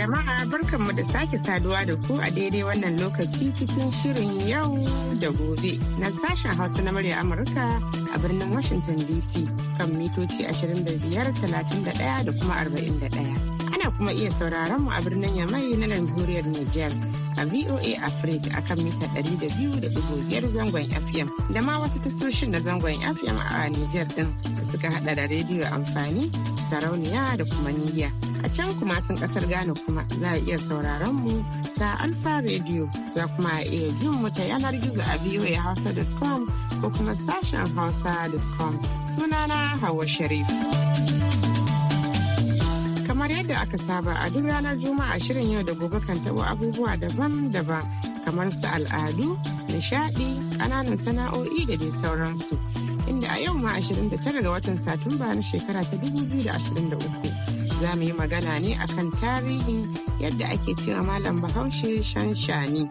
jama'a barkanmu da sake saduwa da ku a daidai wannan lokaci cikin shirin yau da gobe na sashen hausa na murya Amurka a birnin Washington DC kan mitoci 25,31 da kuma 41. ana kuma iya sauraron mu a birnin yamai na jamhuriyar Nijar a VOA Africa akan mita 200.5 zangon FM da ma wasu tasoshin na zangon FM a Nijar din da suka hada da rediyo amfani sarauniya da kuma niyya. can kuma sun kasar Ghana kuma za a iya sauraron mu ta Alfa Radio za kuma a iya jin mu ta yanar gizo a voahausa.com ko kuma sashen hausa.com sunana Hawa Sharif. Kamar yadda aka saba a duk ranar Juma'a shirin yau da gobe kan taɓo abubuwa daban-daban kamar su al'adu, nishaɗi, ƙananan sana'o'i da dai sauransu. Inda a yau ma 29 ga watan Satumba na shekara ta 2023. za mu yi magana ne akan tarihin yadda ake cewa malam bahaushe shanshani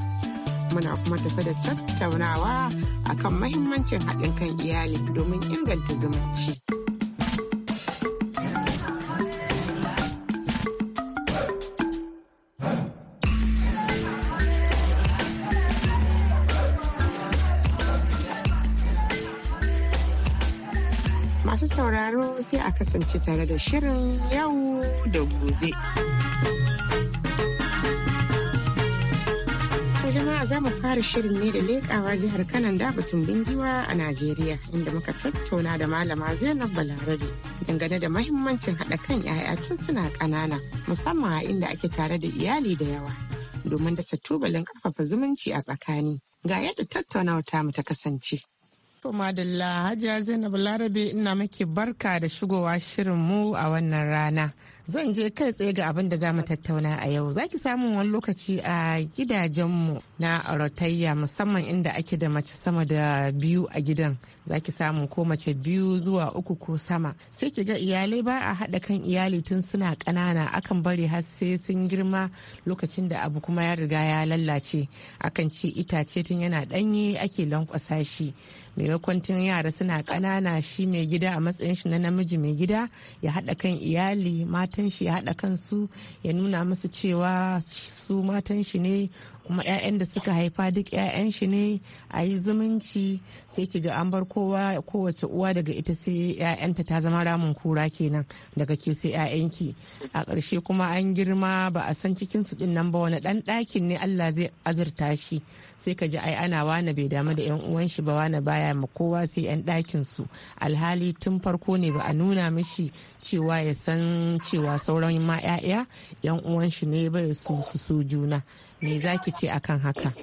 muna kuma tafi da tattaunawa akan mahimmancin haɗin kan iyali domin inganta zumunci. sai a kasance tare da shirin yau da gobe. jama'a za mu fara shirin ne da lekawa jihar Kananda batun bingiwa a Najeriya inda muka tattauna da malama Zainab Balarabe dangane da mahimmancin haɗa kan 'ya'ya tun suna ƙanana musamman a inda ake tare da iyali da yawa domin dasa tubalin ƙarfafa zumunci a tsakani ga yadda tattaunawa ta mu ta kasance. To madalla Hajiya Zainab Larabe ina maki barka da shigowa shirin mu a wannan rana. Zan je kai tsaye ga abin da za mu tattauna a yau. Za ki samu wani lokaci a gidajenmu na rotayya musamman inda ake da mace sama da biyu a gidan. Za ki samu ko mace biyu zuwa uku ko sama. Sai ki ga iyalai ba a haɗa kan iyali tun suna ƙanana akan bari har sai sun girma lokacin da abu kuma ya riga ya lallace. Akan ci itace tun yana ɗanye ake lankwasa shi. maimakon tun yara suna kanana shi mai gida a matsayin shi na namiji mai gida ya haɗa kan iyali matan shi ya haɗa kan su ya nuna musu cewa su matan shi ne kuma 'ya'yan da suka haifa duk 'ya'yan shi ne a yi zumunci sai ki ga an bar kowa kowace uwa daga ita sai 'ya'yanta ta zama ramin kura kenan daga ke sai 'ya'yanki a ƙarshe kuma an girma ba a san cikin su din nan ba wani dan ɗakin ne Allah zai azurta shi sai ka ji ai ana wani bai damu da 'yan uwan shi ba wani baya ma kowa sai 'yan ɗakin su alhali tun farko ne ba a nuna mishi cewa ya san cewa sauran ma 'ya'ya 'yan uwan shi ne bai su su juna me za ki ce akan haka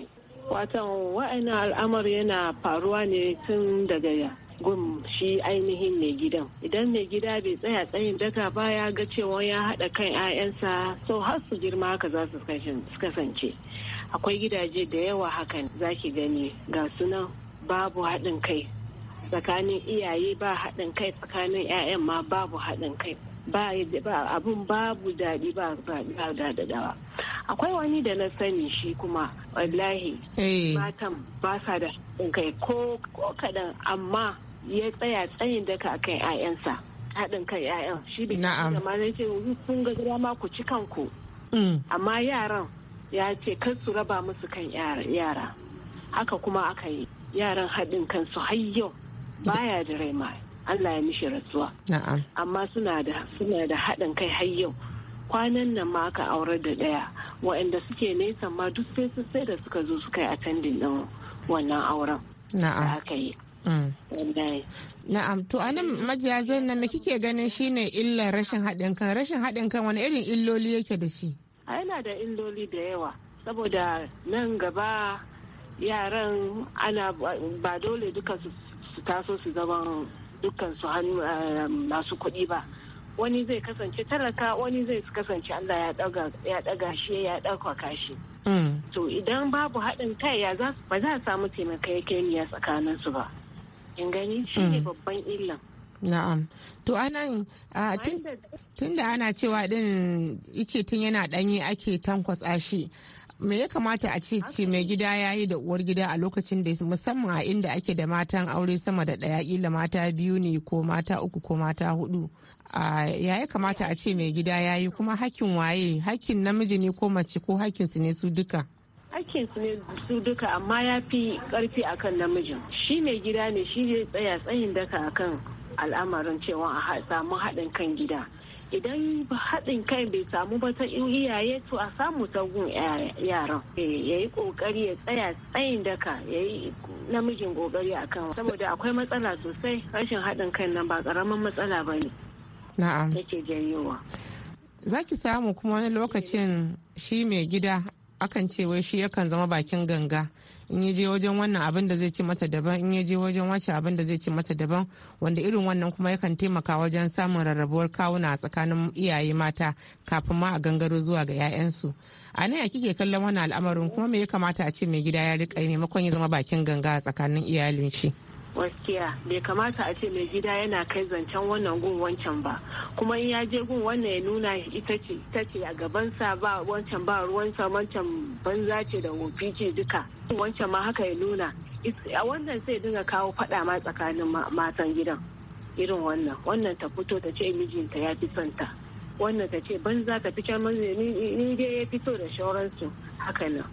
watan wa'ina al'amar yana faruwa ne tun daga gun shi ainihin mai gidan idan mai gida bai tsaya tsayin daga baya ga cewa ya haɗa kan 'ya'yansa so har su girma haka za su kasance akwai gidaje da yawa hakan Za ki gani ga sunan babu haɗin kai tsakanin iyaye ba haɗin kai tsakanin 'ya'yan ma babu haɗin kai ba abun babu daɗi ba daɗaɗawa akwai wani da na sani shi kuma wallahi eh. matan ba sa da kai ko kaɗan amma ya tsaya tsayin daka kai 'ya'yansa haɗin kan 'ya'yan shi bai da ma na ce kun ga dama ku ci kanku mm. amma yaran ya ce kar su raba musu kan yara haka kuma aka yi yaran haɗin kansu har yau baya da rai Allah ya mishi rasuwa amma suna da suna da haɗin kai har yau kwanan nan ma aka aurar da ɗaya waɗanda suke nesa ma duk sai su sai da suka zo suka yi attending ɗin wannan auren da aka yi mm. Na'am, to anan majiya na me kike ganin shine illar rashin haɗin kan rashin haɗin kan wani irin illoli yake da shi? A yana da illoli da yawa saboda nan gaba yaran ana ba dole duka su taso su zama dukkan su hannu eh, masu kuɗi ba wani zai kasance talaka wani zai kasance Allah ya ɗaga shi ya ɗaukaka kashi mm. To idan babu haɗin kai ya za ba za a samu taimakekeniya tsakanin su ba. In gani shi ne mm. babban illan. Na'am. To anan tun da ana cewa din ice tun yana ɗanye ake tankwasa shi. me ya kamata a ce ce mai gida ya yi da uwar gida a lokacin da musamman a inda ake da matan aure sama da ɗaya ƙila mata biyu ne ko mata uku ko mata hudu ya ya kamata a ce mai gida ya yi kuma hakkin waye hakkin namiji ne ko mace ko hakkin su ne su duka hakkin su ne su duka amma ya fi karfi akan namiji shi mai gida ne shi ne tsaya tsayin daka akan al'amarin cewa a samu haɗin kan gida idan haɗin kai bai samu ba ta iyaye to a samu ta gun yaran eh, ya yi ƙoƙari ya tsaya tsayin daka ya yi namijin ƙoƙari a kan saboda akwai matsala sosai rashin haɗin kai nan ba ƙaramin matsala ba ne na'am yake janyowa za ki samu kuma wani lokacin shi mai gida akan ce wai shi yakan zama bakin ganga in ya je wajen wannan abin da zai ci mata daban in ya je wajen wace abin da zai ci mata daban wanda irin wannan kuma yakan taimaka wajen samun rarrabuwar kawuna a tsakanin iyaye mata kafin ma a gangaro zuwa ga 'ya'yansu a nan ya kike kallon wannan al'amarin kuma me ya kamata a ce mai gida ya rika ne ya zama bakin ganga a tsakanin iyalin shi gaskiya bai kamata a ce mai gida yana kai zancen wannan gun wancan ba kuma in ya je gun wannan ya nuna ita ce ta ce a sa ba wancan ba sa wancan banza ce da wofi ce duka wancan ma haka ya nuna a wannan sai dinga kawo fada ma tsakanin matan gidan irin wannan wannan ta fito ta ce mijinta ya fi son ta wannan ta ce banza ta fi can ni dai ya fito da shauransu haka nan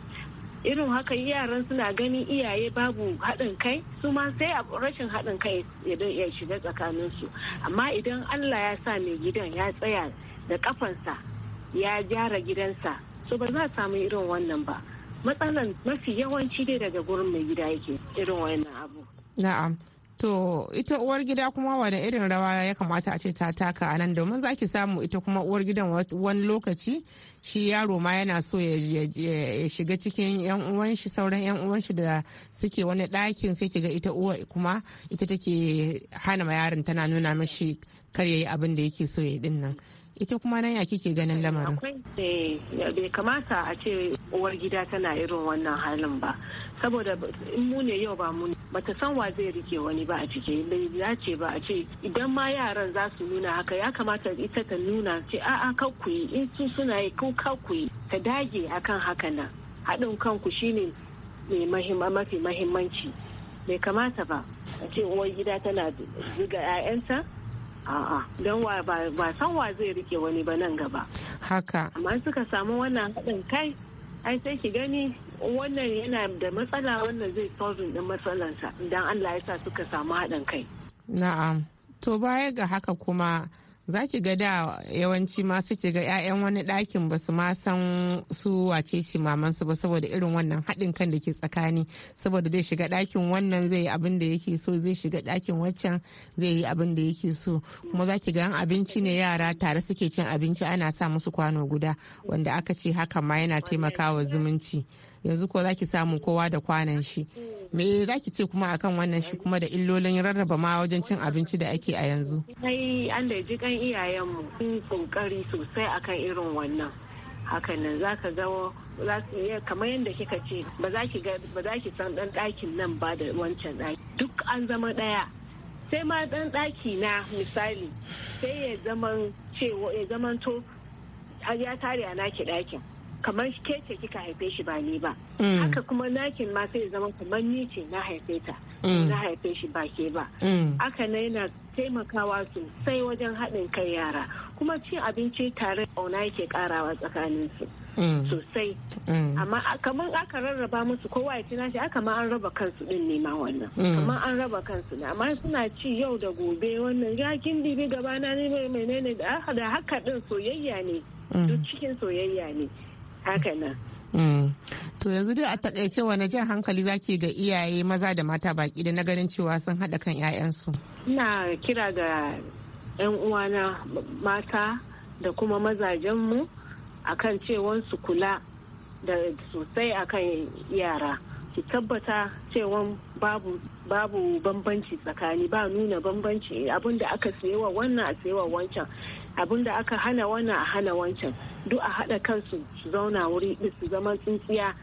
irin haka yaran suna ganin iyaye babu haɗin kai su ma sai a rashin haɗin kai ya shiga tsakanin su amma idan allah ya sa mai gidan ya tsaya da kafansa ya gyara gidansa so ba za a samu irin wannan ba matsalan mafi yawanci dai daga gurin mai gida yake irin wannan abu na'am To ita uwar gida kuma wani irin rawa ya kamata a ce ta taka a nan domin za ki samu ita kuma uwar gidan wani lokaci shi yaro ma yana so ya shiga cikin yan uwan shi sauran yan uwan shi da suke wani ɗakin sai kiga ita uwa kuma ita take hana ma yarin tana nuna mashi kar yayi abin da yake so ya din nan. ita kuma nan ya kike ganin lamarin? Akwai eh, bai kamata a ce uwar gida tana irin wannan halin ba saboda in mu ne yau ba mu bata san wa zai rike wani ba a ciki bai ce ba a ce idan ma yaran za su nuna haka ya kamata ita ta nuna ce a'a a kanku yi in su suna yi ko kanku yi ta dage akan haka nan haɗin kanku shine mai mafi mahimmanci bai kamata ba a ce uwar gida tana ziga 'ya'yanta a'a don ba san wa zai rike wani ba nan gaba haka amma suka samu wannan haɗin kai ai sai ki gani wannan yana da matsala wannan zai solving din matsalansa idan Allah ya sa suka samu haɗin kai. Na'am. To baya ga haka kuma za ki ga da yawanci ma suke ga 'ya'yan wani ɗakin ba su ma san su wace shi mamansu ba saboda irin wannan haɗin kan da ke tsakani saboda zai shiga ɗakin wannan zai yi abin da yake so zai shiga ɗakin waccan zai yi abin da yake so kuma za ki ga abinci ne yara tare suke cin abinci ana sa musu kwano guda wanda aka ce haka ma yana taimakawa zumunci. yanzu ko zaki samu kowa da kwanan shi me za ce kuma akan wannan shi kuma da illolin rarraba ma wajen cin abinci da ake a yanzu sai an da ji kan iyayenmu sun kokari sosai akan irin wannan hakan nan za ga kamar yadda kika ce ba za ki ba za ki san dan ɗakin nan ba da wancan ɗaki duk an zama ɗaya sai ma dan daki na misali sai ya zaman cewa ya to ya tare a naki ɗakin kamar ke ce kika haife shi ba ni ba mm. haka kuma nakin ma sai zama kamar ni ce na haife ta mm. na haife shi ba ke ba mm. haka na yana taimakawa sosai wajen haɗin kai yara kuma cin abinci tare ƙauna yake ƙarawa tsakanin su sosai amma kamar aka rarraba musu kowa ya ci nashi aka ma an raba kansu din ne ma wannan kamar an raba kansu ne amma suna ci yau da gobe wannan ya kin dibi gabana ne mai menene da haka din soyayya ne duk cikin soyayya ne hakanan. Mm. to yanzu dai a takaice wani jan hankali zaki ga iyaye maza da mata baki da na ganin cewa sun haɗa kan 'ya'yansu ina kira ga 'yan uwana mata da kuma mazajenmu akan su kula da sosai akan yara ki tabbata cewa babu babu bambanci tsakani ba nuna bambanci abin da aka sayewa wannan a sayewa wancan abin da aka hana wannan a hana wancan duk a haɗa kansu su zauna wuri su zama tsintsiya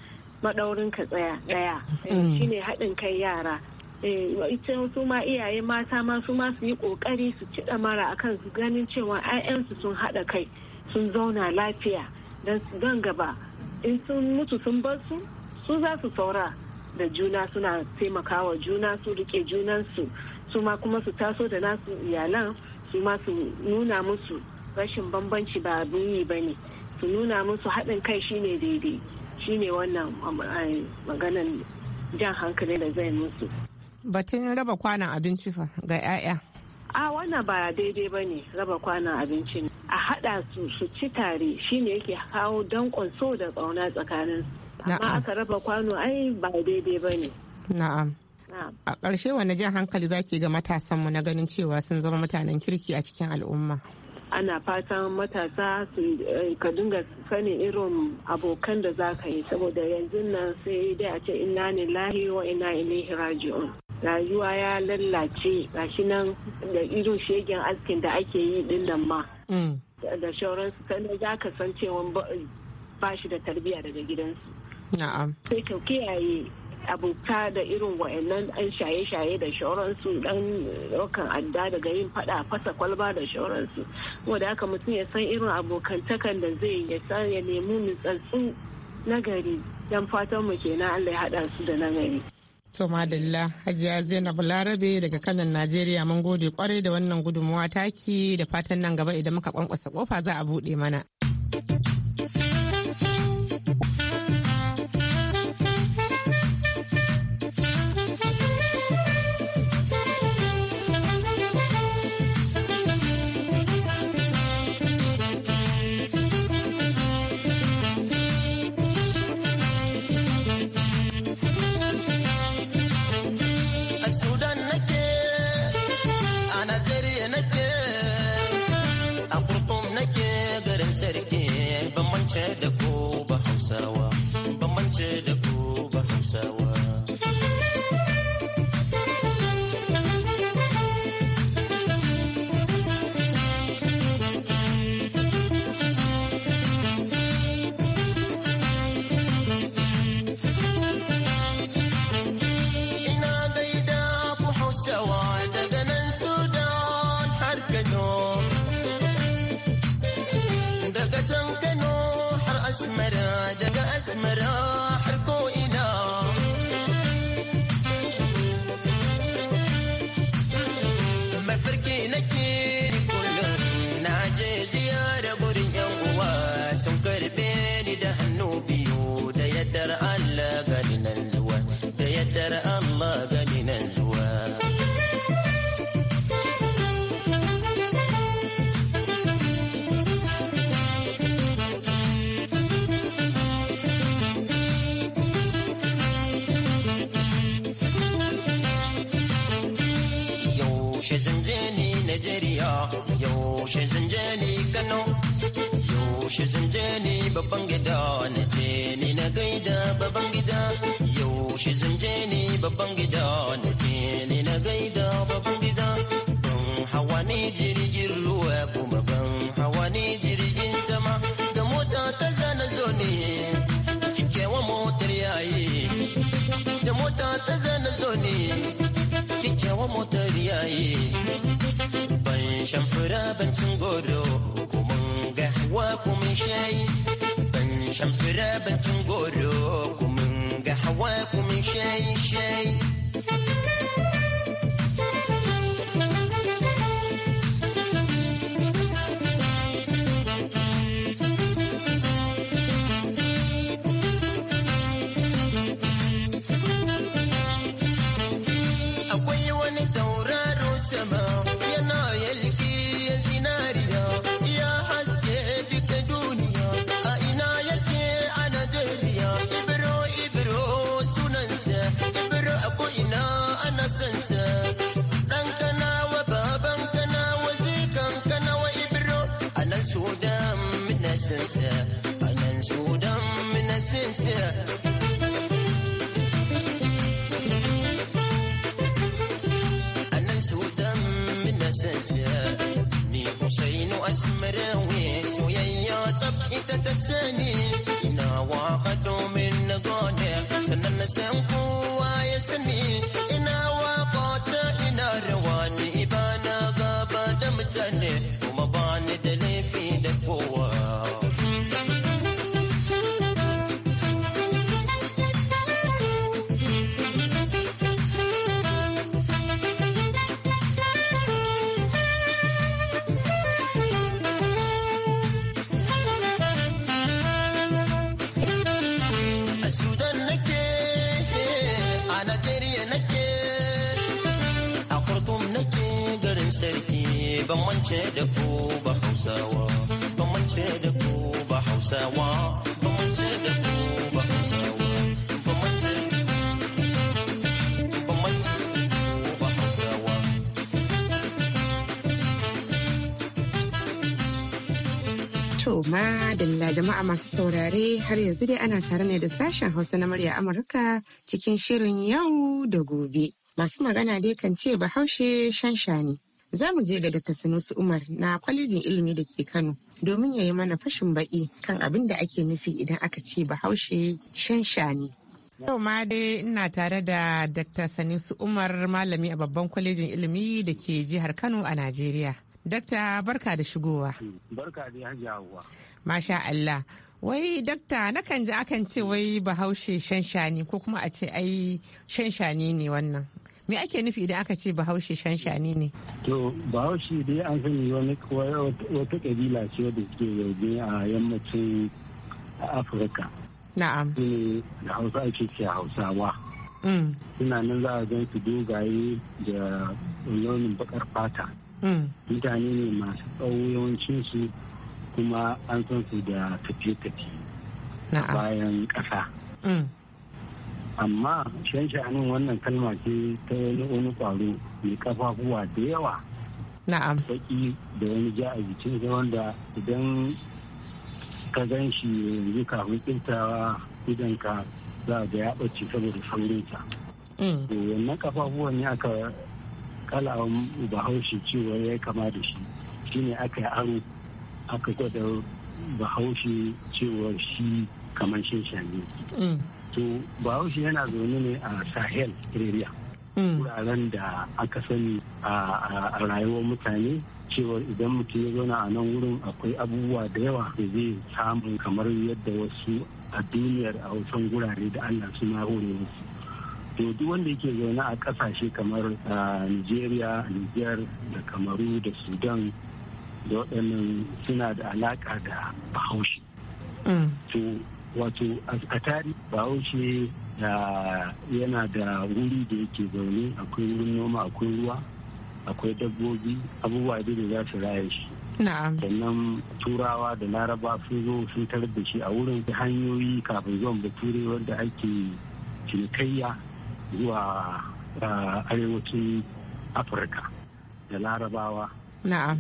maɗaurin ka tsaya ɗaya eh, mm. shine haɗin kai yara eh, ita su ma iyaye mata ma su ma su yi ƙoƙari su ci ɗamara akan su ganin cewa 'ya'yansu sun haɗa kai sun zauna lafiya don su gaba in sun mutu sun bar su su za su saura da juna suna taimakawa juna su rike junansu su ma kuma su taso da nasu iyalan su ma su nuna musu rashin bambanci ba abin yi ba ne su nuna musu haɗin kai shine daidai shine wannan eh, maganan jan hankali da zai musu batun raba kwanan abinci fa ga 'ya'ya a wannan ba daidai ba ne raba kwanan abinci a haɗa su su ci tare shine yake kawo danƙon so da tsauna tsakanin amma aka raba kwano ai ba daidai ba ne na'am a ƙarshe wani jan hankali zaki ga matasanmu na ganin cewa sun zama mutanen kirki a cikin al'umma ana fatan matasa su eh, ka dinga sani irin abokan da za ka yi saboda yanzu nan sai dai a ce inna lahi wa inna ilaihi raji'un rayuwa ya lallace gashi nan da irin shegen askin da ake yi din nan ma mm. da shauransu sannan za ka san cewa ba shi da tarbiyya daga gidansu na'am sai ta kiyaye abuka da irin wa'annan an shaye-shaye da shauransu dan rokan adda daga yin fada fasa kwalba da shauransu wanda haka mutum ya san irin abokantakan da zai ya san ya nemi nutsatsu nagari dan fatan mu kenan Allah ya hada su da nagari to madalla hajiya zainab larabe daga kanan najeriya mun gode kwarai da wannan gudunmawa taki da fatan nan gaba idan muka kwankwasa kofa za a bude mana yaushe zan je ni babban gida na je ni na gaida babban gida yaushe zan je ni babban gida na je ni na gaida babban gida ban hawa ni jirgin ruwa kuma ban hawa ni jirgin sama da mota ta zana zo ne kikewa motar yayi da mota ta zana zo ne kikewa motar yayi ban shan ban cin goro قهوة ومن شاي بنشم في رابة نقولكم من قهوة ومن شاي شاي mance da ku madalla jama'a masu saurare har yanzu dai ana tare ne da sashen hausa na murya amurka cikin shirin yau da gobe masu magana dai kan ce bahaushe shanshani za mu je ga Dr. Sanusi Umar na kwalejin ilimi da ke Kano domin ya yi mana fashin baƙi kan abin da ake nufi idan aka ce bahaushe shanshani. Yau ma dai ina tare da Dr. Sanusi Umar malami a babban kwalejin ilimi da ke jihar Kano a Najeriya. Dakta barka da shigowa. Barka da hajjawa. Masha Allah. Wai dakta nakan ji akan ce wai bahaushe shanshani ko kuma a ce ai shanshani ne wannan. me ake nufi idan aka ce bahaushe shanshani ne to bahaushe dai an sani wani wata kabila ce da ke yauje a yammacin afirka na'am da hausa ake ce hausawa mm. suna nan za a gan su dogaye da launin bakar fata mm. mutane ne masu tsawo yawancinsu kuma an san su da tafiye-tafiye bayan ƙasa mm. amma shan sha'anin wannan kalma ce ta wani wani kwaro mai kafafuwa da yawa na'am baki da wani ja a jikin wanda idan ka gan shi yanzu kafin kintawa idan ka za ga ya ɓace saboda sa mm. to wannan kafafuwan ne aka kala bahaushe cewa ya kama da shi shine aka yi aro aka gwada bahaushe cewa shi kamar shan shani to bahaushe yana zaune ne a sahel area hmm. wuraren da aka sani a rayuwar mutane cewa idan mutum ya zauna a nan wurin akwai abubuwa da yawa da zai samu kamar yadda wasu a duniyar a wasan gurare da allah suna hore wasu to duk wanda yake zaune a kasashe kamar nigeria niger da kamaru da sudan da waɗannan suna da alaƙa da bahaushe hmm. to wato a tari bahaushe yana da wuri da yake zaune akwai wurin noma akwai ruwa akwai dabbobi abubuwa da za su raya shi sannan turawa da laraba sun zo sun tarar da shi a wurin hanyoyi kafin zuwan bature wanda ake cinikayya zuwa arewacin afirka da larabawa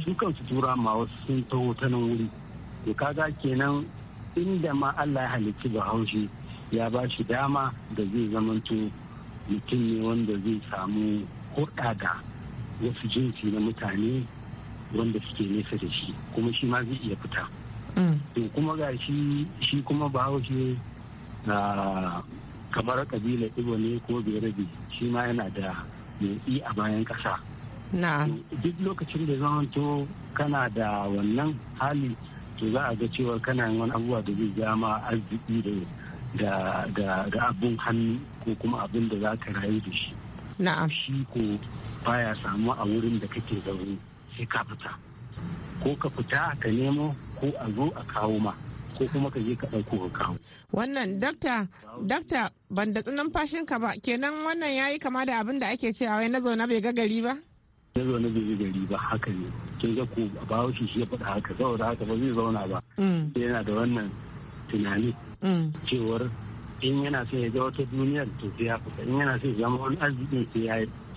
su kansu tura ma wasu sun taho ta nan wuri to kaga kenan inda ma Allah ya halicci bahaushe ya ba shi dama da zai zamanto mutum ne wanda zai samu hurɗa da wasu jinsi na mutane wanda suke nesa da shi kuma shi ma zai iya fita mm. to kuma ga shi shi kuma bahaushe ah, kamar kabila ibo ne ko berabi shi ma yana da motsi a bayan ƙasa duk lokacin da zamanto kana da wannan hali to za a ga cewa kana yin wani abubuwa da zai ja ma arziki da da abin hannu ko kuma abin da za ka rayu da shi na'am shi ko baya samu a wurin da kake zaune sai ka fita ko ka fita ka nemo ko a zo a kawo ma ko kuma ka je ka ɗauko ka kawo. Wannan dakta, dakta ban da tsinin fashin ka ba kenan wannan yayi kama da abin da ake cewa wai na zaune bai ga gari ba? ya zaune bai yi gari ba haka ne kin ga ko ba shi ya faɗa haka saboda haka ba zai zauna ba mm. yana da wannan tunani mm. cewar in yana so ya ga wata duniyar to sai ya fita in yana so ya zama wani arzikin sai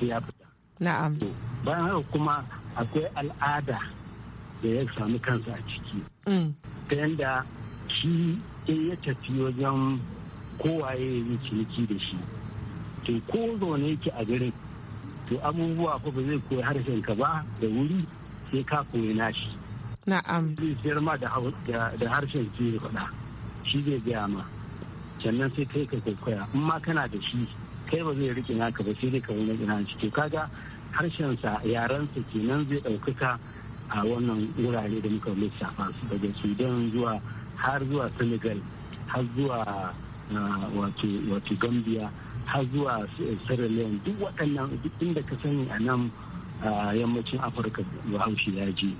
ya fita na'am bayan haka kuma akwai al'ada da ya sami kansa a ciki mm. ta yanda shi in ya tafi wajen kowaye ya yi ciniki da shi to ko zaune yake a garin to abubuwa ko ba zai koyi harshen ka ba da wuri sai ka koyi nashi na'am zai siyar ma da harshen ke faɗa shi zai gaya ma sannan sai kai ka kwaikwaya in ma kana da shi kai ba zai rike naka ba sai dai ka wani ina shi to kaga harshensa yarensa kenan zai ɗaukaka a wannan wurare da muka lissafa su daga sudan zuwa har zuwa senegal har zuwa ah, wato gambia har zuwa sierra leone duk waɗannan duk inda ka sani a nan yammacin afirka bahaushe ya je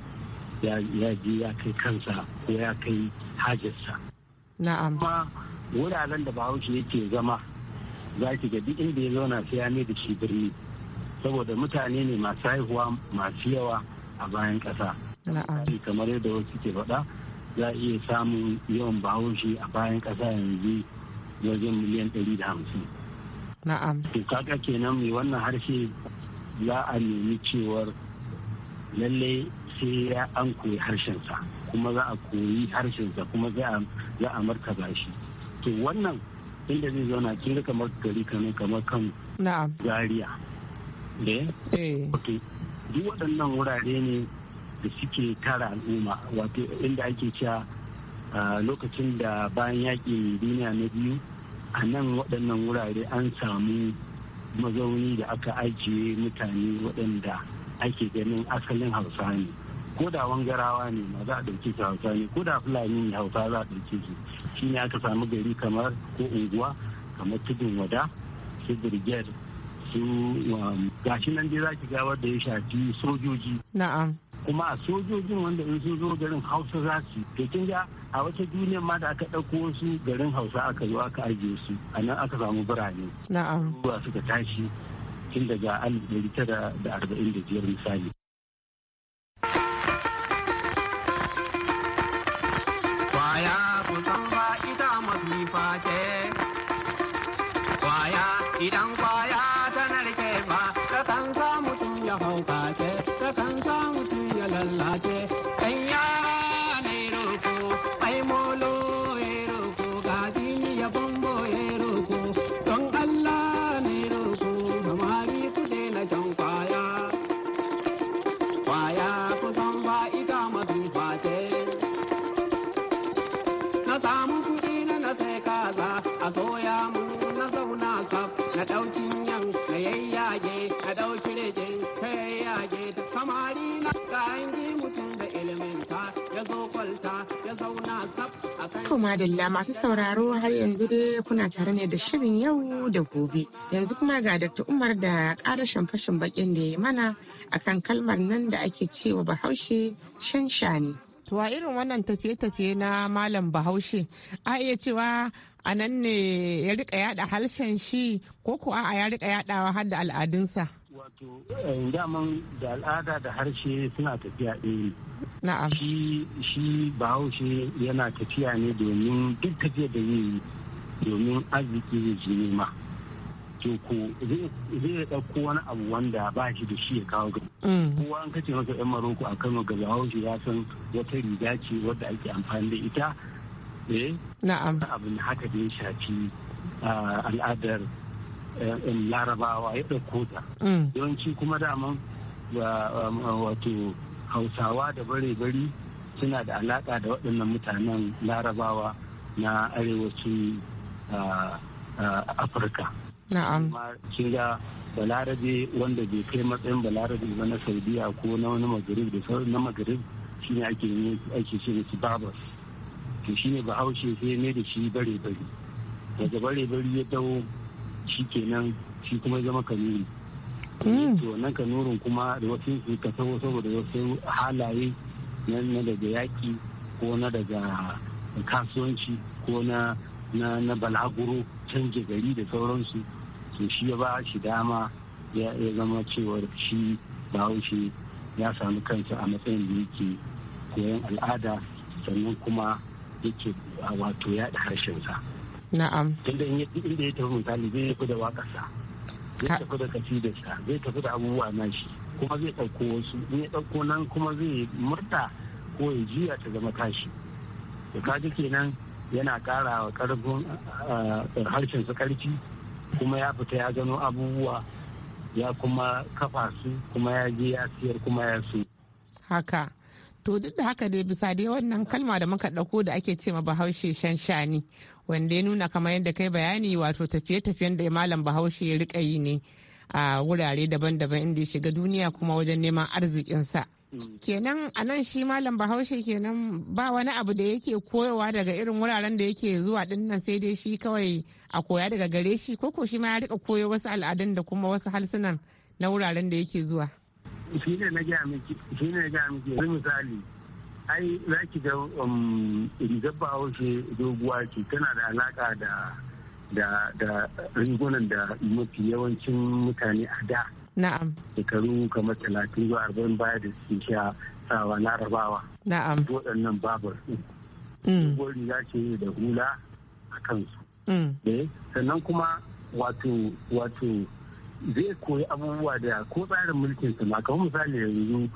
ya je ya kai kansa ko ya kai hajarsa na'am kuma wuraren da bahaushe yake zama za ki ga duk inda ya zauna sai ya da shi birni saboda mutane ne masu haihuwa masu yawa a bayan ƙasa kamar yadda wasu ke faɗa za a iya samun yawan bahaushe a bayan ƙasa yanzu wajen miliyan ɗari da hamsin Na'am. To kaga kenan mai wannan harshe za a nemi cewar lalle sai ya an koyi harshensa kuma za a koyi harshensa kuma za a martaba shi. To wannan inda zai zauna kin kamar gari kamar kamar kan gariya da duk waɗannan wurare ne da suke tara al'umma wato inda ake cewa ah, lokacin da bayan yaƙin duniya na biyu a nan waɗannan wurare an samu mazauni da aka ajiye mutane waɗanda ake ganin asalin hausa ne ko da wangarawa ne ma za a ɗauke su hausa ne ko da fulani ne hausa za a ɗauke su shi ne aka samu gari kamar ko unguwa kamar tudun wada su birger su um, gashi nan dai za ki ga ya shafi sojoji na'am kuma a sojojin wanda in sun zo garin hausa za su kin a wata duniya ma da aka ɗauko wasu garin hausa aka yi aka ajiye su a nan aka samu birane na'am suka tashi tun daga 1945 misali an masu sauraro har yanzu dai kuna tare ne da shirin yau da gobe. Yanzu kuma ga Dr. Umar da ƙarashin fashin bakin da ya mana akan kalmar nan da ake cewa bahaushe shanshani. To a irin wannan tafiye-tafiye na Malam Bahaushe, a iya cewa a nan ne ya riƙa yada harshen shi ko kuwa a ya riƙa yadawa har da al'adunsa. wato eh, daman da al'ada da harshe suna tafiya ɗaya na'am shi bahaushe yana tafiya ne domin duk tafiya da yi domin arziki zai ji nema to ko zai ɗauko wani abu wanda ba shi da shi ya kawo gaba mm. kowa an kace masa yan maroko a kano ga bahaushe ya san wata riga ce wadda ake amfani da ita eh na'am abin haka da ya shafi ah, al'adar Eh, larabawa ya ɗauko ta mm. yawanci kuma daman um, uh, wato hausawa da bare-bari suna da alaƙa da waɗannan mutanen larabawa na arewacin uh, uh, afirka kin ga balarabe wanda bai kai matsayin balarabe ba na saudiya ko na wani magarib da sauran na magarib shine ake ake shi ne babas to shine bahaushe sai ne da shi bare bari daga bare bari ya dawo shi kenan shi kuma zama kanuri mm. to wannan kanurin kuma da wasu su ka sabo saboda wasu halaye na daga yaki ko na daga kasuwanci ko na na balaguro canje gari da sauransu to shi ya ba shi dama ya zama cewa shi bahaushe ya sami kansa a matsayin da yake koyon al'ada sannan kuma yake wato yaɗa harshensa. na'am inda inda ya tafi misali zai tafi da wakarsa zai tafi da kasidarsa zai tafi da abubuwa na shi kuma zai ɗauko wasu in ya ɗauko nan kuma zai murta ko ya jiya ta zama tashi da kaji kenan yana ƙara wa ƙarfin eh, harshen su ƙarfi kuma ya fita ya gano abubuwa ya kuma kafa su kuma ya je ya siyar kuma ya su haka to duk da haka dai bisa dai wannan kalma da muka ɗauko da ake ce ma bahaushe shanshani wanda ya nuna kamar yadda kai bayani wato tafiye-tafiyen da malam bahaushe ya rika yi ne a wurare daban-daban inda ya shiga duniya kuma wajen neman arzikinsa mm. kenan a nan shi malam bahaushe kenan ba wani abu da yake koyowa daga irin wuraren da yake zuwa din nan sai dai shi kawai a koya daga gare shi ko ko shi ma ya rika koyo wasu al'adun da kuma wasu halsunan na wuraren da yake zuwa shi ne na gaya miki shi ne na gaya miki yanzu misali ai za ki ga um, rigar bahaushe doguwa ce tana da alaka da da rigunan da mafi yawancin mutane a da na'am shekaru kamar talatin zuwa arba'in baya da suke sha sawa larabawa na'am waɗannan babur. ɗin mm. riga ce da hula a kansu mm. eh, sannan kuma wato zai koyi abubuwa da ko tsarin mulkin su ma kamar misali yanzu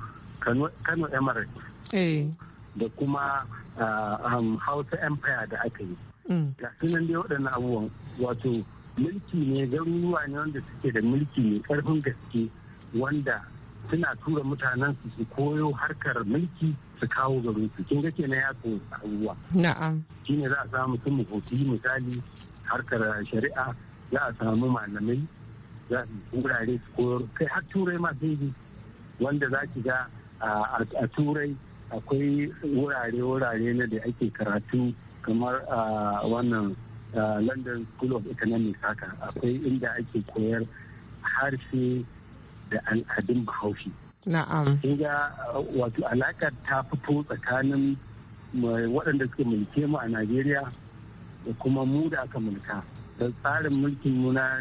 kano emirates eh. da kuma ah, um, hausa empire da aka yi mm. ga sunan dai waɗannan abubuwan wato mulki ne garuruwa ne wanda suke da mulki ne karfin gaske wanda suna tura mutanen su su koyo harkar mulki su kawo garin su kin ga kenan ya koyi abubuwa na'am shine za a samu sun hoti misali harkar shari'a za a samu malamai za su wurare su koyar kai har turai ma sai wanda za ki ga a turai akwai wurare-wurare na da ake karatu kamar a wannan london school of economics haka akwai inda ake koyar harshe da al'adun bahaushe na'am ga wato alaƙar ta fito tsakanin waɗanda suka mulke mu a najeriya da kuma mu da aka mulka da tsarin mulkin mu na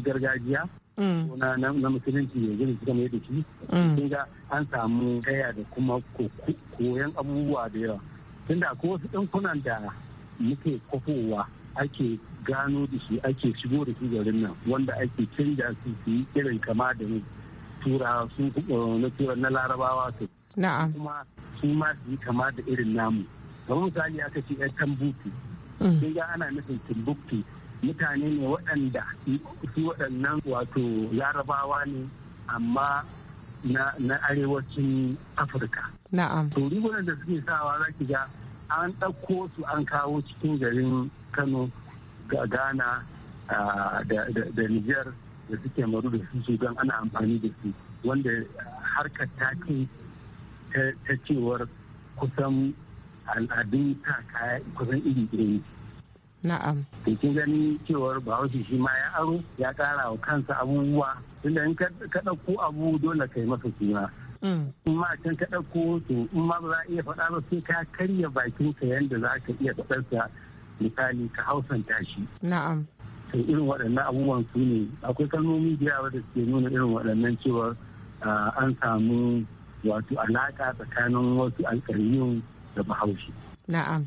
gargajiya mm. na na musulunci ne gini suka mai da shi sun mm. ga an samu gaya da kuma koyon abubuwa da yawa tunda ko wasu ɗankunan da muke kwafowa ake gano da shi ake shigo da shi garin nan wanda ake canja su su yi irin kama da tura su eh, na tura na larabawa su kuma su ma su yi kama da irin namu kamar misali aka ce yan tambuti sun ga ana nufin timbuktu mutane ne waɗanda su waɗannan wato yarabawa ne amma na arewacin afirka na'am to rigunan da suke sawa za ki ga an ɗauko su an kawo cikin garin kano ga ghana da niger da suke maru da su don ana amfani da su wanda harkar ta ce ta cewar kusan al'adun ta kaya kusan iri iri ne. Na'am. Da kin gani cewar Bahaushe shi ma ya aro ya kara wa kansa abubuwa tunda in ka ɗauko abu dole kai masa suna. Mm. in ma can ka ɗauko to in ma ba za a iya faɗa ba sai ka karya bakin ka yanda za ka iya faɗarsa misali ka hausanta shi. Na'am. To irin waɗannan abubuwan su ne akwai kalmomi da yawa da suke nuna irin waɗannan cewar ah, an samu wato alaka tsakanin wasu alƙaryun da bahaushe. Na'am.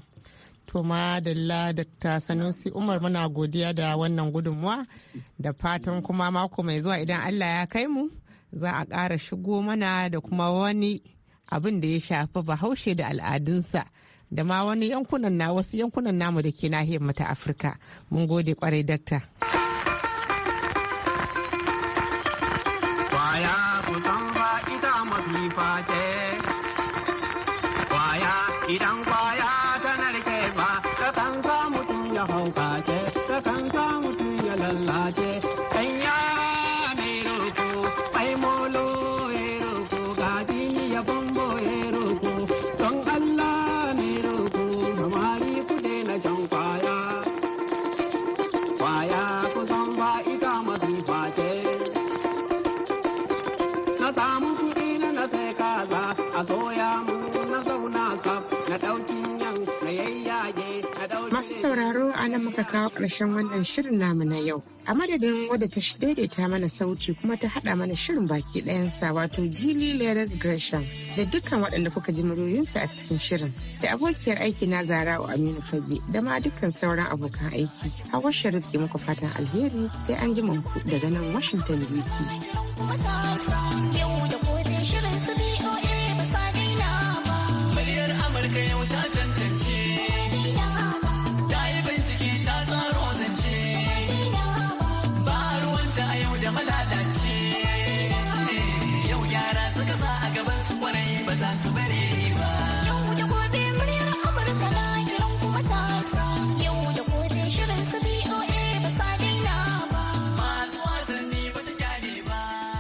To madalla Dr. Sanusi Umar muna godiya da wannan gudunmuwa da fatan kuma mako mai zuwa idan Allah ya kai mu za a ƙara shigo mana da kuma wani abin da ya shafi bahaushe da al'adunsa da ma wani yankunan na wasu yankunan namu da ke nahiyar mata Afirka. Mun gode kwarai dakta. sauraro a nan muka kawo ƙarshen wannan shirin namu na yau. A madadin wadda ta daidaita mana sauti kuma ta haɗa mana shirin baki ɗayansa wato Jili Leres Gresham da dukkan waɗanda kuka ji muryoyinsa a cikin shirin. Da abokiyar aiki na zara wa Aminu Fage da ma dukkan sauran abokan aiki. Hawa Sharif ke muku fatan alheri sai an ji ku daga nan Washington DC. la ready.